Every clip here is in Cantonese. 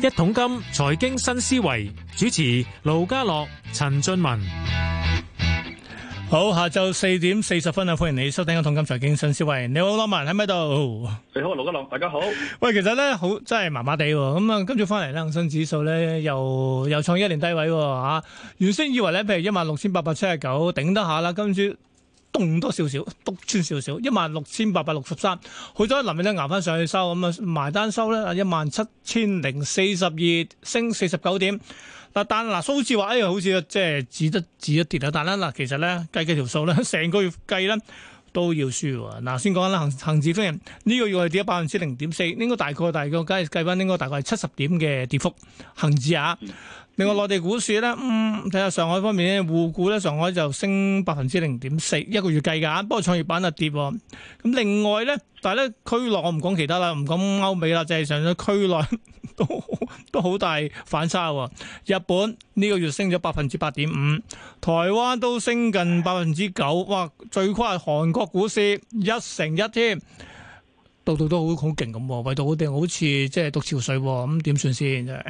一桶金財經新思維主持盧家樂、陳俊文，好，下晝四點四十分啊，歡迎你收聽一桶金財經新思維。你好，羅文喺咪度？你好，盧家樂，大家好。喂，其實咧，好真係麻麻地，咁、嗯、啊，今住翻嚟咧，恒生指數咧又又創一年低位喎，吓、啊，原先以為咧，譬如一萬六千八百七十九頂得下啦，今住。動多少少，督穿少少，一萬六千八百六十三，好彩臨尾咧捱翻上去收，咁啊埋單收咧，一萬七千零四十二，升四十九點。嗱，但、啊、嗱，數字話，哎呀，好似即係止得止一跌啊！但啦，嗱、啊，其實咧計幾條數咧，成個月計咧都要輸。嗱、啊，先講啦，恒恒指方面，呢、這個月係跌百分之零點四，應該大概大概計計翻，應該大概係七十點嘅跌幅，恒指啊。另外，內地股市咧，嗯，睇下上海方面咧，滬股咧，上海就升百分之零點四，一個月計㗎。不過創業板就跌喎。咁另外咧，但係咧，區內我唔講其他啦，唔講歐美啦，就係上咗區內都都好大反差喎。日本呢個月升咗百分之八點五，台灣都升近百分之九。哇！最誇係韓國股市一成一添，度度都好好勁咁，唯獨我哋好似即係讀潮水咁點算先真係。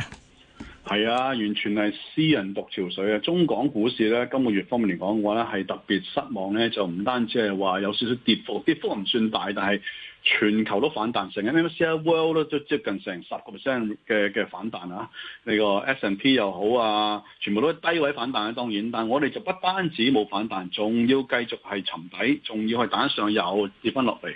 係啊，完全係私人獨潮水啊！中港股市咧，今個月方面嚟講嘅話咧，係特別失望咧。就唔單止係話有少少跌幅，跌幅唔算大，但係全球都反彈性，成 MSCI World 咧都接近成十個 percent 嘅嘅反彈啊！呢、呢個 S&P 又好啊，全部都係低位反彈啊。當然，但係我哋就不單止冇反彈，仲要繼續係沉底，仲要係打上油跌翻落嚟。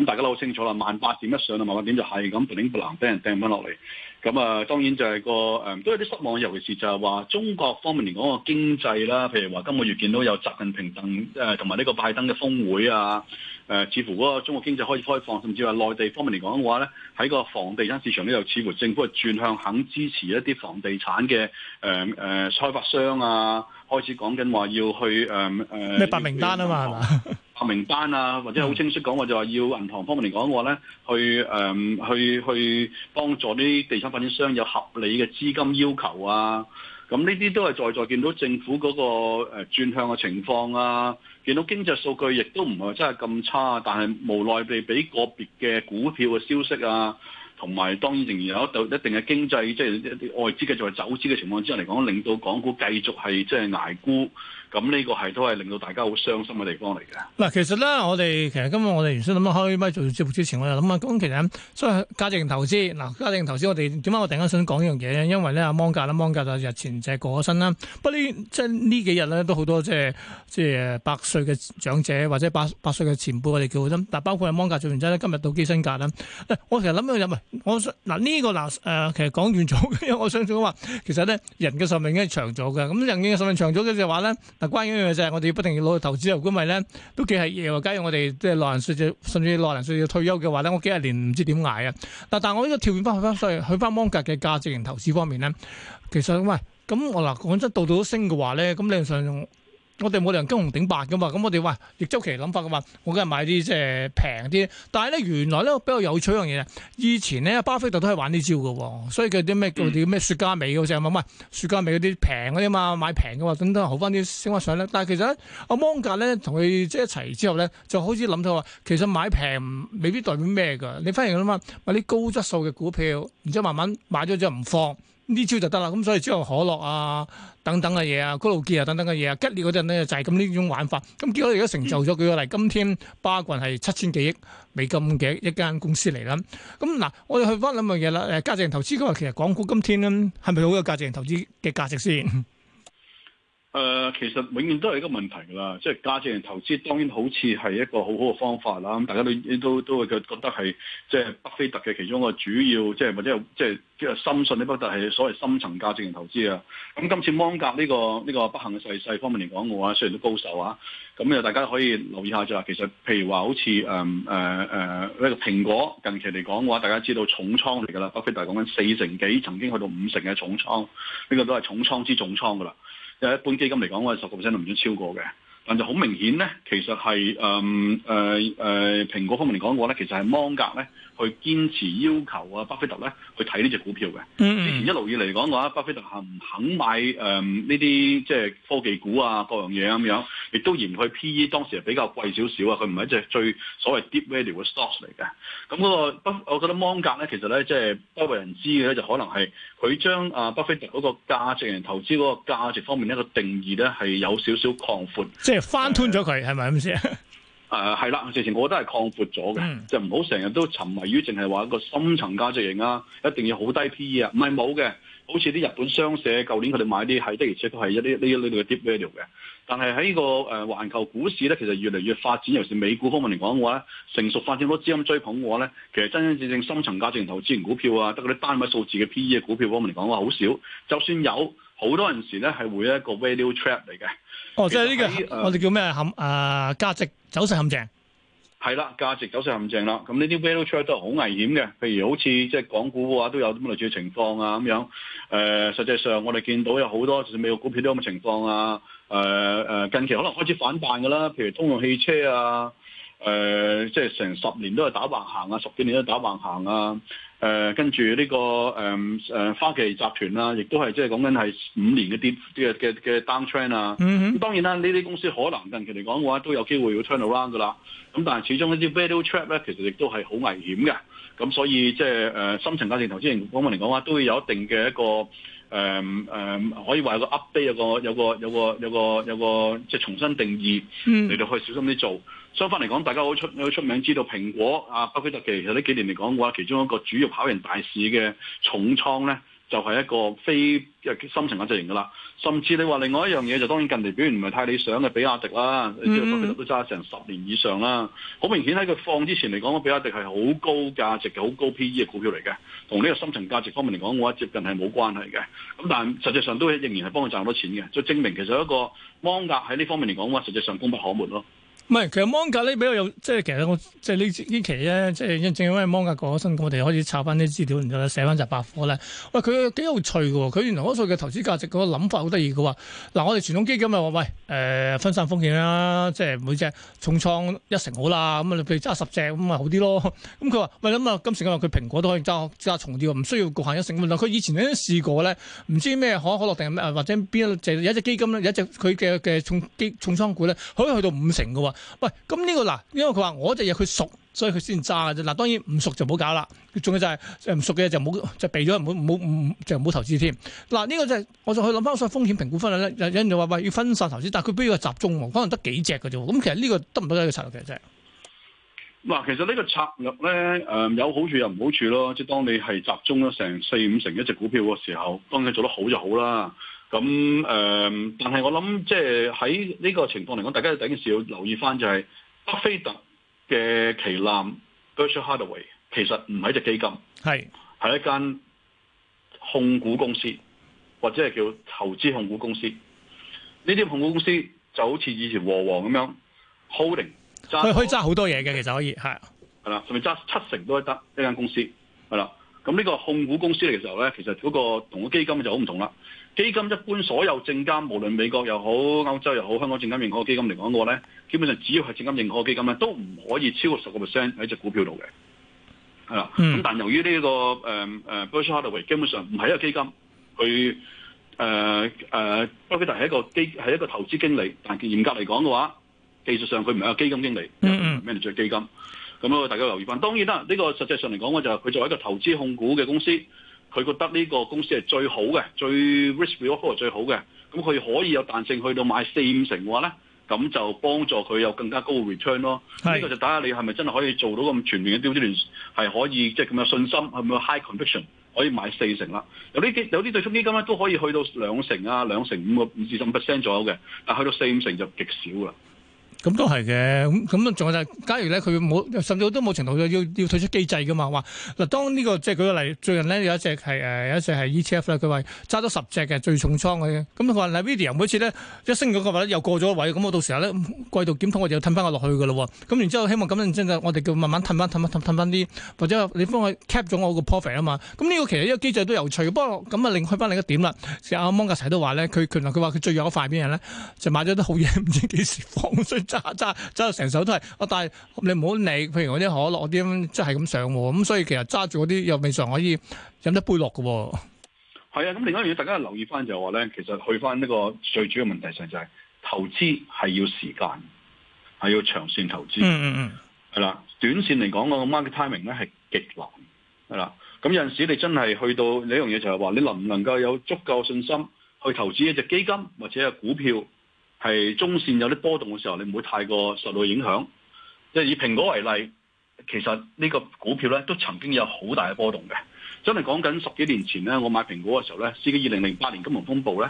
咁大家都好清楚啦，萬八點一上啊，萬八點就係咁撥零撥藍，俾人掟翻落嚟。咁啊，當然就係個誒、嗯、都有啲失望，尤其是就係話中國方面嚟講個經濟啦，譬如話今個月見到有習近平等誒同埋呢個拜登嘅峰會啊，誒、呃，似乎嗰個中國經濟開始開放，甚至話內地方面嚟講嘅話咧，喺個房地產市場呢，又似乎政府係轉向肯支持一啲房地產嘅誒誒開發商啊，開始講緊話要去誒誒咩白名單啊嘛。係嘛？ 名單啊，或者好清晰講，我就話要銀行方面嚟講嘅話咧，去誒、嗯，去去幫助啲地產發展商有合理嘅資金要求啊。咁呢啲都係在在見到政府嗰個誒轉向嘅情況啊。見到經濟數據亦都唔係真係咁差，但係無奈地俾個別嘅股票嘅消息啊，同埋當然仍然有一度一定嘅經濟，即係一啲外資嘅作為走資嘅情況之下嚟講，令到港股繼續係即係捱沽。咁呢個係都係令到大家好傷心嘅地方嚟嘅。嗱，其實咧，我哋其實今日我哋原先諗開，咪做節目之前，我就諗下。咁其實所價值，所以價值投資嗱，價值投資，我哋點解我突然間想講一樣嘢咧？因為咧，阿芒格啦，芒格就日前就係過咗身啦。不過呢，即係呢幾日咧都好多，即係即係百歲嘅長者或者百百歲嘅前輩，我哋叫佢咁。但包括阿芒格做完之後咧，今日到基辛格啦。我其實諗一入唔係，我嗱、這個、呢個嗱誒，其實講完咗，因為我想咗話，其實咧人嘅壽命咧長咗嘅，咁人嘅壽命長咗嘅就話咧。嗱，關於一樣就係我哋不停要攞去投資嘅金額咧，都幾係嘢喎。假如我哋即係六十歲，甚至六十歲要退休嘅話咧，我幾十年唔知點捱啊！嗱，但我呢個跳轉翻去翻，所以去翻芒格嘅價值型投資方面咧，其實喂，咁我嗱講真，度度都升嘅話咧，咁理論上。我哋冇理由跟紅頂白㗎嘛，咁我哋話逆周期諗法嘅話，我梗係買啲即係平啲。但係咧原來咧比較有趣一樣嘢，以前咧巴菲特都係玩呢招喎。所以佢啲咩叫啲咩雪茄尾嘅，成日問，喂，雪茄尾嗰啲平嗰啲嘛，買平嘅嘛，等等好翻啲升翻上咧。但係其實阿芒格咧同佢即係一齊之後咧，就開始諗到話，其實買平未必代表咩㗎。你反而諗下，買啲高質素嘅股票，然之後慢慢買咗之後唔放。呢招就得啦，咁所以之後可樂啊，等等嘅嘢啊，高露潔啊，等等嘅嘢啊，吉列嗰陣咧就係咁呢種玩法。咁結果而家成就咗佢個嚟，今天巴郡係七千幾億美金嘅一間公司嚟啦。咁嗱，我哋去翻兩樣嘢啦。誒，價值型投資，佢話其實港股今天咧係咪好有價值型投資嘅價值先？嗯誒、呃，其實永遠都係一個問題噶啦，即係價值型投資，當然好似係一個好好嘅方法啦。咁大家都都都會覺覺得係即係巴菲特嘅其中一個主要，即係或者即係即係深信呢？巴菲特係所謂深層價值型投資啊。咁今次芒格呢個呢個不幸嘅逝世方面嚟講嘅話，雖然都高手啊，咁又大家可以留意下就話，其實譬如話好似誒誒誒呢個蘋果近期嚟講嘅話，大家知道重倉嚟噶啦，巴菲特講緊四成幾，曾經去到五成嘅重倉，呢個都係重倉之重倉噶啦。一般基金嚟講，我係十個 percent 都唔想超過嘅，但就好明顯咧，其實係誒誒誒，蘋果方面嚟講嘅話咧，其實係芒格咧。去堅持要求啊、mm -hmm.，巴菲特咧去睇呢隻股票嘅。之前一路以嚟講嘅話，巴菲特係唔肯買誒呢啲即係科技股啊，各樣嘢咁樣，亦都嫌佢 P E 當時係比較貴少少啊。佢唔係一隻最所謂 deep value 嘅 stock 嚟嘅。咁嗰個不，我覺得芒格咧，其實咧即係不為人知嘅咧，就可能係佢將啊巴菲特嗰個價值型投資嗰個價值方面一個定義咧係有少少擴闊，即係翻吞咗佢係咪咁先？誒係啦，直、嗯、情我覺得係擴闊咗嘅，就唔好成日都沉迷於淨係話一個深層價值型啊，一定要好低 P E 啊，唔係冇嘅，好似啲日本商社，舊年佢哋買啲係的，的，而且都係一啲呢一類嘅 deep value 嘅。但係喺呢個誒環球股市咧，其實越嚟越發展，尤其是美股方面嚟講嘅話，成熟發展多資金追捧嘅話咧，其實真真正正深層價值型投資型股票啊，得嗰啲單位數字嘅 P E 嘅股票方面嚟講嘅話，好少，就算有。好多陣時咧係會一個 value trap 嚟嘅。哦，即係呢個我哋叫咩陷？誒、呃，價值走勢陷阱係啦，價值走勢陷阱啦。咁呢啲 value trap 都係好危險嘅，譬如好似即係港股嘅話都有啲咁類似嘅情況啊，咁樣誒、呃，實際上我哋見到有好多就算美國股票都有咁嘅情況啊，誒、呃、誒，近期可能開始反彈噶啦，譬如通用汽車啊。誒、呃，即係成十年都係打橫行啊，十幾年都係打橫行啊。誒、呃，跟住呢、這個誒誒，花、呃、旗集團啊，亦都係即係講緊係五年嘅跌嘅嘅嘅 down trend 啊。嗯，當然啦，呢啲公司可能近期嚟講嘅話都有機會要 turn around 噶啦。咁但係始終呢啲 value trap 咧，其實亦都係好危險嘅。咁所以即係誒、呃，深層價值投資方面嚟講話，都會有一定嘅一個誒、呃呃、可以話個 update，有個有個有個有個有個有個即係重新定義，你哋可以小心啲做。嗯相反嚟講，大家好出好出名，知道蘋果啊、巴菲特其實呢幾年嚟講嘅話，其中一個主要跑贏大市嘅重倉咧，就係、是、一個非一個深層價制型嘅啦。甚至你話另外一樣嘢就當然近期表現唔係太理想嘅，比亞迪啦，mm. 你話巴菲特都揸成十年以上啦。好明顯喺佢放之前嚟講，個比亞迪係好高價值、嘅、好高 P E 嘅股票嚟嘅，同呢個深層價值方面嚟講嘅話，接近係冇關係嘅。咁但係實際上都仍然係幫佢賺到錢嘅，就證明其實一個芒格喺呢方面嚟講嘅話，實際上功不可沒咯。唔係，其實芒格咧比較有，即係其實我即係呢呢期咧，即係因正因為芒格過咗身，我哋開始抄翻啲資料，然之後寫翻集百科咧。喂，佢幾有趣嘅喎！佢原來嗰數嘅投資價值嗰、那個諗法好得意嘅喎。嗱，我哋傳統基金咪話喂，誒、呃、分散風險啦、啊，即係每隻重倉一成好啦，咁啊譬如揸十隻咁啊好啲咯。咁佢話喂咁啊、嗯，今時今日，佢蘋果都可以揸揸重啲，唔需要局限一成。佢以前咧試過咧，唔知咩可可樂定係咩，或者邊一隻有一隻基金咧，有一隻佢嘅嘅重重倉股咧，可以去到五成嘅喎。喂，咁呢、這個嗱，因為佢話我隻嘢，佢熟，所以佢先揸啫。嗱，當然唔熟就唔好搞啦。仲有就係唔熟嘅就唔好就避咗，唔唔唔就唔好投資添。嗱、啊、呢、這個就係、是，我就去諗翻個風險評估分咧。有人就話喂，要分散投資，但係佢不如要集中，可能得幾隻嘅啫。咁其實呢個得唔得呢、這個策略真啫。嗱，其實呢個策略咧誒有好處又唔好處咯。即係當你係集中咗成四五成一隻股票嘅時候，當你做得好就好啦。咁誒、呃，但係我諗即係喺呢個情況嚟講，大家第件事要留意翻就係、是，巴菲特嘅旗艦 Berkshire Hathaway 其實唔係一隻基金，係一間控股公司，或者係叫投資控股公司。呢啲控股公司就好似以前和黃咁樣，holding 佢可以揸好多嘢嘅，其實可以係係啦，甚至揸七成都係得，呢間公司係啦。咁呢個控股公司嚟嘅時候咧，其實嗰個同個基金就好唔同啦。基金一般所有證監無論美國又好、歐洲又好、香港證監認可基金嚟講嘅話咧，基本上只要係證監認可嘅基金咧，都唔可以超過十個 percent 喺隻股票度嘅。係啦，咁但由於呢、這個誒誒 Berkshire Hathaway 基本上唔係一個基金，佢誒誒，不過佢但係一個基係一個投資經理，但嚴格嚟講嘅話，技術上佢唔係一個基金經理，唔係 manager 基金。咁大家留意翻。當然啦，呢個實際上嚟講，就係，我就佢作為一個投資控股嘅公司，佢覺得呢個公司係最好嘅，最 risk reward 係最好嘅。咁佢可以有彈性去到買四五成嘅話咧，咁就幫助佢有更加高嘅 return 咯。呢個就睇下你係咪真係可以做到咁全面嘅 diligence 係可以即係咁有信心，係咪 high conviction 可以買四成啦？有啲基，有啲對沖基金咧都可以去到兩成啊，兩成五個二十五 percent 左右嘅，但去到四五成就極少啦。咁都係嘅，咁咁仲有就係、是，假如咧佢冇，甚至都冇程度要要退出機制噶嘛？話嗱，當呢、這個即係舉個例，最近咧有一隻係誒、呃、有一隻係 ETF 啦，佢話揸咗十隻嘅最重倉嘅，咁佢話係 Nvidia 每次咧一升咗嘅話咧又過咗位，咁、嗯、我到時候咧季度檢討我就要褪翻我落去嘅咯喎，咁、嗯、然之後希望咁樣先就我哋叫慢慢褪翻褪翻褪褪翻啲，或者你幫佢 cap 咗我個 profit 啊嘛，咁、嗯、呢、這個其實呢、這個機制都有趣，不過咁啊另開翻另一點啦，成阿芒格齊都話咧，佢佢話佢話佢最弱一塊邊係咧，就買咗啲好嘢唔知幾時放，所揸揸揸到成手都係，啊但係你唔好理，譬如嗰啲可樂，啲即係咁上喎，咁所以其實揸住嗰啲又未上可以飲一杯落㗎喎。係啊，咁另一樣嘢大家留意翻就係話咧，其實去翻呢個最主要問題上就係投資係要時間，係要長線投資。嗯嗯嗯，係啦，短線嚟講個 market timing 咧係極難，係啦。咁有陣時你真係去到呢樣嘢就係話你能唔能夠有足夠信心去投資一隻基金或者係股票？係中線有啲波動嘅時候，你唔會太過受到影響。即係以蘋果為例，其實呢個股票咧都曾經有好大嘅波動嘅。真係講緊十幾年前咧，我買蘋果嘅時候咧，試過二零零八年金融風暴咧，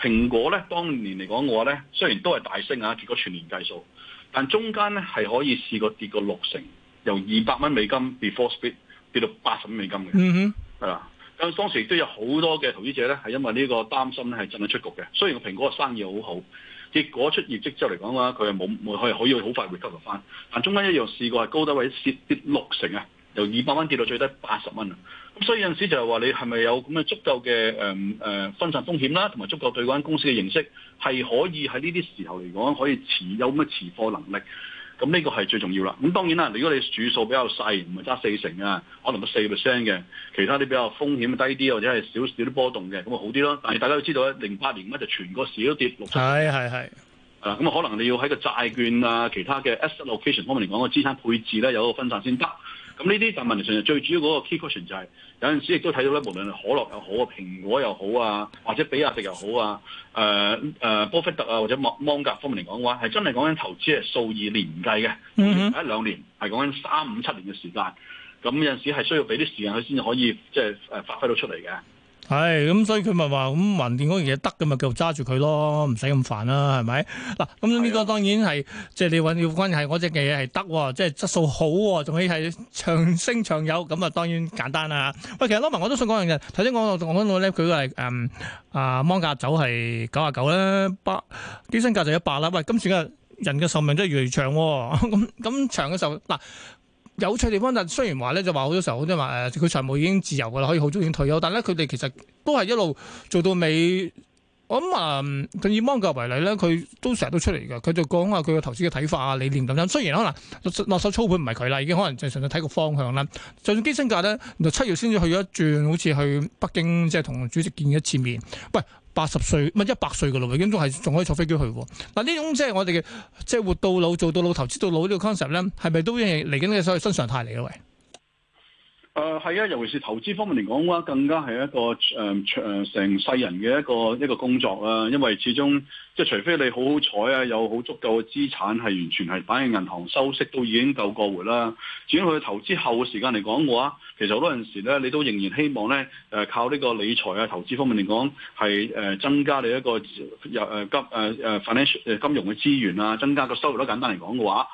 蘋果咧當年嚟講嘅話呢，我咧雖然都係大升啊，結果全年計數，但中間咧係可以試過跌過六成，由二百蚊美金 before split 跌到八十蚊美金嘅。嗯哼，係啦。咁當時亦都有好多嘅投資者咧，係因為呢個擔心咧係真係出局嘅。雖然蘋果嘅生意好好。結果出業績之後嚟講啊，佢係冇冇可以可以好快會吸入翻，但中間一樣試過係高低位蝕跌六成啊，由二百蚊跌到最低八十蚊啊，咁所以有陣時候就係話你係咪有咁嘅足夠嘅誒誒分散風險啦，同埋足夠對嗰間公司嘅認識，係可以喺呢啲時候嚟講可以持有咁嘅持貨能力？咁呢個係最重要啦。咁當然啦，如果你數數比較細，唔係揸四成啊，可能得四 percent 嘅，其他啲比較風險低啲，或者係少少啲波動嘅，咁啊好啲咯。但係大家都知道咧，零八年咧就全個市都跌六成。係係係。啊，咁啊可能你要喺個債券啊，其他嘅 asset allocation 方面嚟講，個資產配置咧有個分散先得。咁呢啲就問題上，最主要嗰個 key question 就係有陣時亦都睇到咧，無論可樂又好啊，蘋果又好啊，或者比亞迪又好啊，誒、呃、誒，波菲特啊，或者芒芒格方面嚟講嘅話，係真係講緊投資係數以年計嘅，嗯、mm -hmm. 一兩年，係講緊三五七年嘅時，時，時間。咁有陣時係需要俾啲時間佢先至可以即係、就是、發揮到出嚟嘅。係，咁所以佢咪話，咁橫掂嗰樣嘢得嘅咪繼續揸住佢咯，唔使咁煩啦，係咪？嗱，咁呢個當然係、啊，即係你揾要關係我隻嘅嘢係得，即係質素好，仲可以係長升長有，咁啊當然簡單啦。喂，其實攞埋我都想講樣嘅頭先我同我講到咧，佢係誒啊，芒格走係九啊九咧，百基身價就一百啦。喂，今次嘅人嘅壽命真係越嚟越長，啊，咁咁長嘅時候嗱。有趣地方，但雖然話咧，就話好多時候即係話誒，佢財務已經自由噶啦，可以好中意退休，但咧佢哋其實都係一路做到尾。我咁啊，佢以芒格為例咧，佢都成日都出嚟㗎。佢就講下佢個投資嘅睇法啊、理念咁樣。雖然可能落手操盤唔係佢啦，已經可能就純粹睇個方向啦。就算基辛格咧，七月先至去咗一轉，好似去北京，即係同主席見一次面。喂，八十歲咪一百歲嘅路，已經都係仲可以坐飛機去嗱。呢種即係我哋嘅即係活到老做到老投資到老呢個 concept 咧，係咪都已經係嚟緊嘅所謂新常態嚟嘅？喂？誒、呃、係啊，尤其是投資方面嚟講嘅話，更加係一個誒誒、呃呃、成世人嘅一個一個工作啊。因為始終即係除非你好好彩啊，有好足夠嘅資產係完全係擺喺銀行收息，都已經夠過活啦。至於佢投資後嘅時間嚟講嘅話，其實好多陣時咧，你都仍然希望咧誒、呃、靠呢個理財啊、投資方面嚟講係誒增加你一個又誒、呃金，呃、financial 誒、金融嘅資源啊，增加個收入啦。簡單嚟講嘅話。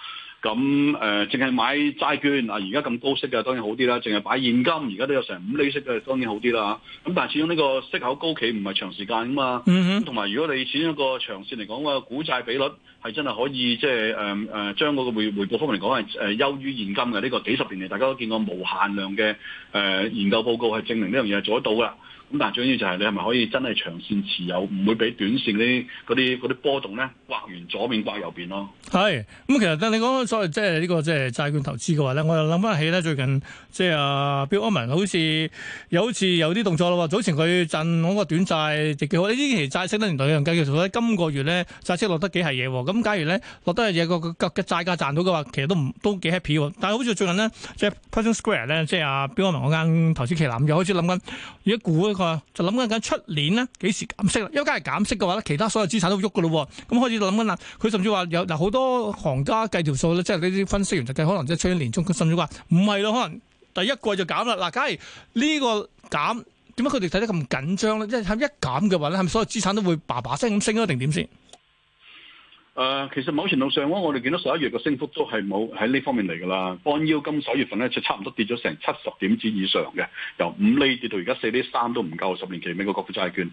咁誒，淨、呃、係買債券啊！而家咁高息嘅當然好啲啦。淨、啊、係擺現金，而家都有成五厘息嘅當然好啲啦。咁、啊、但係始終呢個息口高企唔係長時間噶嘛、啊。嗯，同埋如果你始終一個長線嚟講嘅股債比率，係真係可以即係誒誒，將嗰個回回報方面嚟講係誒優於現金嘅呢、呢個幾十年嚟大家都見過無限量嘅誒、啊、研究報告係證明呢樣嘢係做得到㗎。咁但係最緊要就係你係咪可以真係長線持有，唔會俾短線嗰啲嗰啲啲波動咧刮完左邊刮右邊咯？係咁、嗯，其實但係你講所謂即係呢個即係、就是、債券投資嘅話咧，我就諗翻起咧最近即係、就是、啊 Bill Ackman 好似有好似有啲動作喇喎，早前佢賺嗰個短債就幾好，呢期債升得年代有人計嘅，其實今個月咧債息落得幾係嘢喎。咁、嗯、假如咧落得係嘢個個債價賺到嘅話，其實都唔都幾 happy 喎。但係好似最近呢，即、就、係、是、Pershing Square 咧，即係阿 Bill Ackman 嗰間投資旗艦又開始諗緊股。就諗緊緊出年咧，幾時減息？因為梗係減息嘅話咧，其他所有資產都喐噶咯。咁開始諗緊啦。佢甚至話有嗱好多行家計條數咧，即係呢啲分析員就計，可能即係出年中，甚至話唔係咯，可能第一季就減啦。嗱，梗係呢個減，點解佢哋睇得咁緊張咧？即係一減嘅話咧，係咪所有資產都會叭叭聲升咁升一定點先？誒、呃，其實某程度上我哋見到十一月嘅升幅都係冇喺呢方面嚟㗎啦。按 U 金十一月份呢，就差唔多跌咗成七十點子以上嘅，由五厘跌到而家四厘三都唔夠十年期美國國庫債券。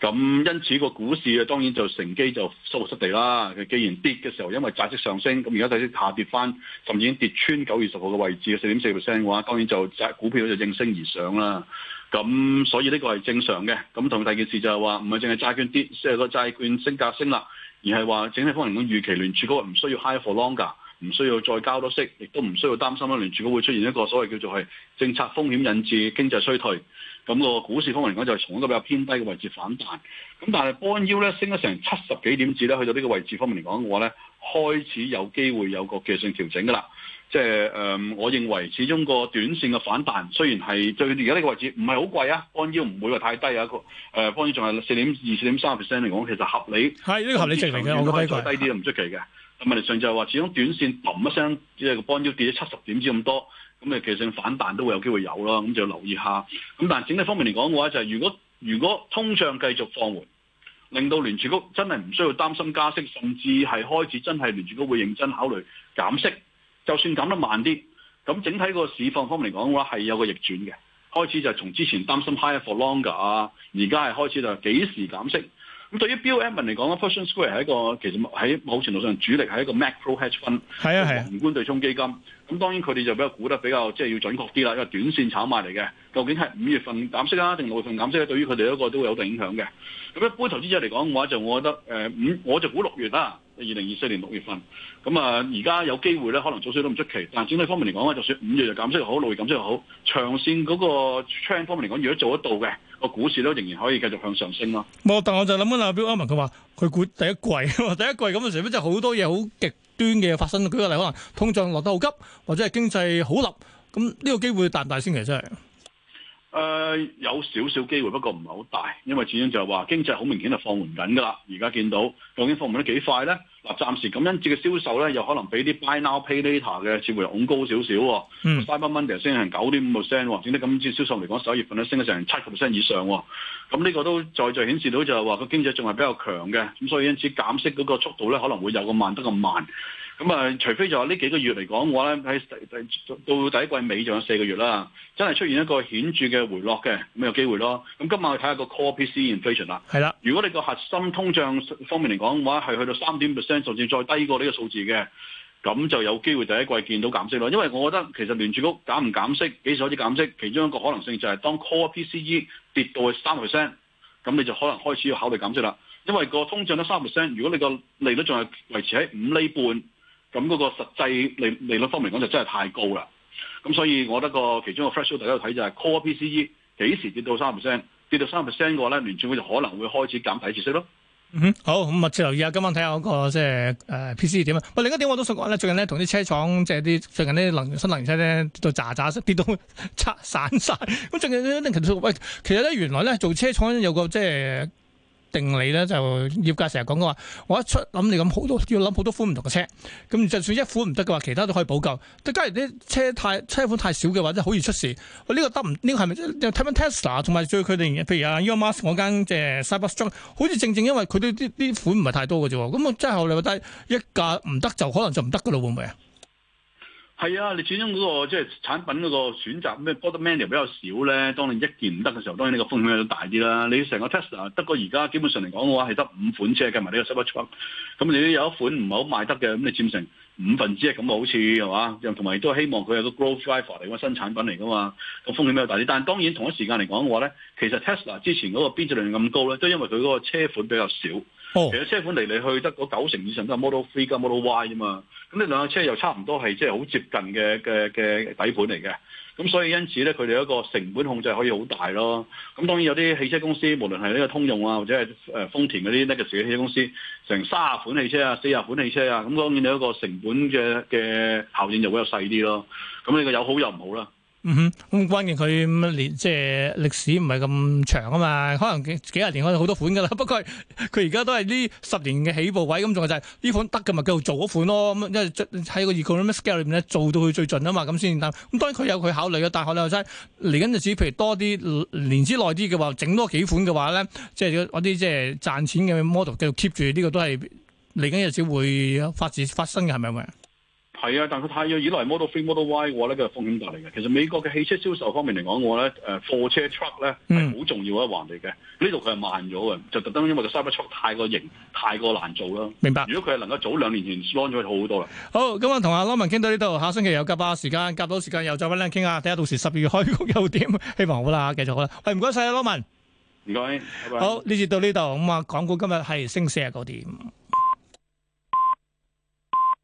咁因此個股市啊，當然就乘機就收復失地啦。既然跌嘅時候因為債息上升，咁而家債息下跌翻，甚至已經跌穿九月十號嘅位置四點四 percent 嘅話，當然就債股票就應聲而上啦。咁所以呢個係正常嘅。咁同第二件事就係話唔係淨係債券跌，即係個債券升價升啦。而係話整體方面嚟講，預期聯儲局唔需要 high for longer，唔需要再交多息，亦都唔需要擔心啦。聯儲局會出現一個所謂叫做政策風險引致經濟衰退，咁個股市方面嚟講就係從一個比較偏低嘅位置反彈。咁但係波音咧升咗成七十幾點至咧，去到呢個位置方面嚟講嘅話咧，開始有機會有個技術性調整㗎啦。即係誒，我認為始終個短線嘅反彈，雖然係最而家呢個位置唔係好貴啊，bond yield 唔會話太低啊，個誒 bond yield 仲係四點二、四點三 percent 嚟講，其實合理。係呢、這個合理證明我覺得低啲就唔出奇嘅。問題上就係話，始終短線嘣一聲，只係個 bond yield 跌咗七十點之咁多，咁誒其實反彈都會有機會有啦。咁就要留意下。咁但係整體方面嚟講嘅話，就係如果如果通脹繼續放緩，令到聯儲局真係唔需要擔心加息，甚至係開始真係聯儲局會認真考慮減息。就算減得慢啲，咁整體個市況方面嚟講嘅話，係有個逆轉嘅，開始就從之前擔心 higher for longer 啊，而家係開始就幾時減息。咁對於 Bill Ackman 嚟講咧 Pershing Square 係一個其實喺某程度上主力係一個 macro hedge fund，係啊係，宏觀對沖基金。咁當然佢哋就比較估得比較即係、就是、要準確啲啦，因為短線炒賣嚟嘅，究竟係五月份減息啊，定六月份減息，啊，對於佢哋一個都會有一定影響嘅。咁一般投資者嚟講嘅話，就我覺得誒五，我就估六月啦，啊，二零二四年六月份。咁啊，而家有機會咧，可能早少都唔出奇。但整體方面嚟講咧，就算五月就減息又好，六月減息又好，長線嗰個 trend 方面嚟講，如果做得到嘅，個股市都仍然可以繼續向上升咯。冇，但我就諗緊阿表阿文佢話佢估第一季， 第一季咁啊，除非真好多嘢好極端嘅發生，舉個例，可能通脹落得好急，或者係經濟好立，咁呢個機會大唔大先？其實係，誒有少少機會，不過唔係好大，因為始終就係話經濟好明顯就放緩緊㗎啦。而家見到究竟放緩得幾快咧？嗱，暫時咁樣子嘅銷售咧，又可能俾啲 buy now pay later 嘅折回拱高少少、mm.，Cyber Monday 升成九點五 percent 喎，整啲咁樣子銷售嚟講，十一月份咧升咗成七個 percent 以上喎，咁呢個都再再顯示到就係話個經濟仲係比較強嘅，咁所以因此減息嗰個速度咧可能會有個慢得咁慢。咁啊，除非就話呢幾個月嚟講嘅話咧，喺到第一季尾仲有四個月啦，真係出現一個顯著嘅回落嘅，咁有機會咯。咁今日去睇下個 core PCE inflation 啦。係啦，如果你個核心通脹方面嚟講嘅話，係去到三點 percent，甚至再低過呢個數字嘅，咁就有機會第一季見到減息咯。因為我覺得其實聯儲局減唔減息，幾時可以減息，其中一個可能性就係當 core P C E 跌到去三 percent，咁你就可能開始要考慮減息啦。因為個通脹得三 percent，如果你個利率仲係維持喺五厘半。咁、那、嗰個實際利利率方面講就真係太高啦，咁所以我覺得個其中個 threshold 大家睇就係 core P C E 幾時跌到三 percent，跌到三 percent 嘅話咧，聯儲會就可能會開始減牌措施咯。嗯，好，咁密切留意下今晚睇下嗰個即係誒 P C E 點啊。喂、呃，另一點我都想講咧，最近咧同啲車廠即係啲最近啲能新能源車咧跌到渣渣，跌到拆散晒。咁最近咧其實喂，其實咧原來咧做車廠有個即係。就是定理咧就業界成日講嘅話，我一出諗你咁好多要諗好多款唔同嘅車，咁就算一款唔得嘅話，其他都可以補救。但係假如啲車太車款太少嘅話，真係好易出事。呢個得唔？呢個係咪？因為 Tesla 同埋最佢哋，譬如啊，Elon Musk 我間即係 Cybertruck 好似正正因為佢啲啲款唔係太多嘅啫喎。咁我真係後嚟話，一架唔得就可能就唔得嘅咯，會唔會啊？係啊，你始終嗰、嗰個即係產品嗰個選擇咩嗰個 menu 比較少咧，當你一件唔得嘅時候，當然呢個風險都大啲啦。你成個 Tesla 得個而家基本上嚟講嘅話係得五款車，計埋呢個 Cybertruck 咁你都有一款唔係好賣得嘅，咁你佔成五分之一，一，咁好似係嘛？又同埋亦都希望佢有一個 growth driver 嚟嘅新產品嚟噶嘛，個風險比較大啲。但當然同一時間嚟講嘅話咧，其實 Tesla 之前嗰個編製量咁高咧，都因為佢嗰個車款比較少。哦、其實車款嚟嚟去得嗰九成以上都係 Model 3加 Model Y 啫嘛，咁呢兩架車又差唔多係即係好接近嘅嘅嘅底盤嚟嘅。咁所以因此咧，佢哋一個成本控制可以好大咯。咁當然有啲汽車公司，無論係呢個通用啊，或者係誒豐田嗰啲 legacy 嘅汽車公司，成三十款汽車啊，四十款汽車啊，咁當然你一個成本嘅嘅效應就會細啲咯。咁你個有好有唔好啦、啊。嗯哼，咁關鍵佢年即係歷史唔係咁長啊嘛，可能幾幾廿年可以好多款噶啦，不過佢而家都係呢十年嘅起步位，咁仲係就係呢款得嘅，咪繼續做嗰款咯，咁因為喺個 economic scale 裏邊咧做到佢最盡啊嘛，咁先得。咁當然佢有佢考慮嘅，但係我哋係嚟緊日子，譬如多啲年資耐啲嘅話，整多幾款嘅話咧，即係一啲即係賺錢嘅 model 繼續 keep 住呢個都係嚟緊日子會發展發生嘅係咪咪？係啊，但佢太遠以嚟，Model Three、Model Y 嘅話咧佢係風險大嚟嘅。其實美國嘅汽車銷售方面嚟講，我咧誒貨車 truck 咧係好重要一環嚟嘅。呢度佢係慢咗嘅，就特登因為個 Cybertruck 太過型，太過難做啦。明白。如果佢係能夠早兩年前 launch 咗，就好好多啦。好，今日同阿羅文傾到呢度，下星期有夾巴時間，夾到時間又再揾你傾下，睇下到時十二月開局又點。希望好啦，繼續好啦。係唔該曬阿羅文，唔該。好，呢節到呢度。咁啊，港股今日係升四啊個點。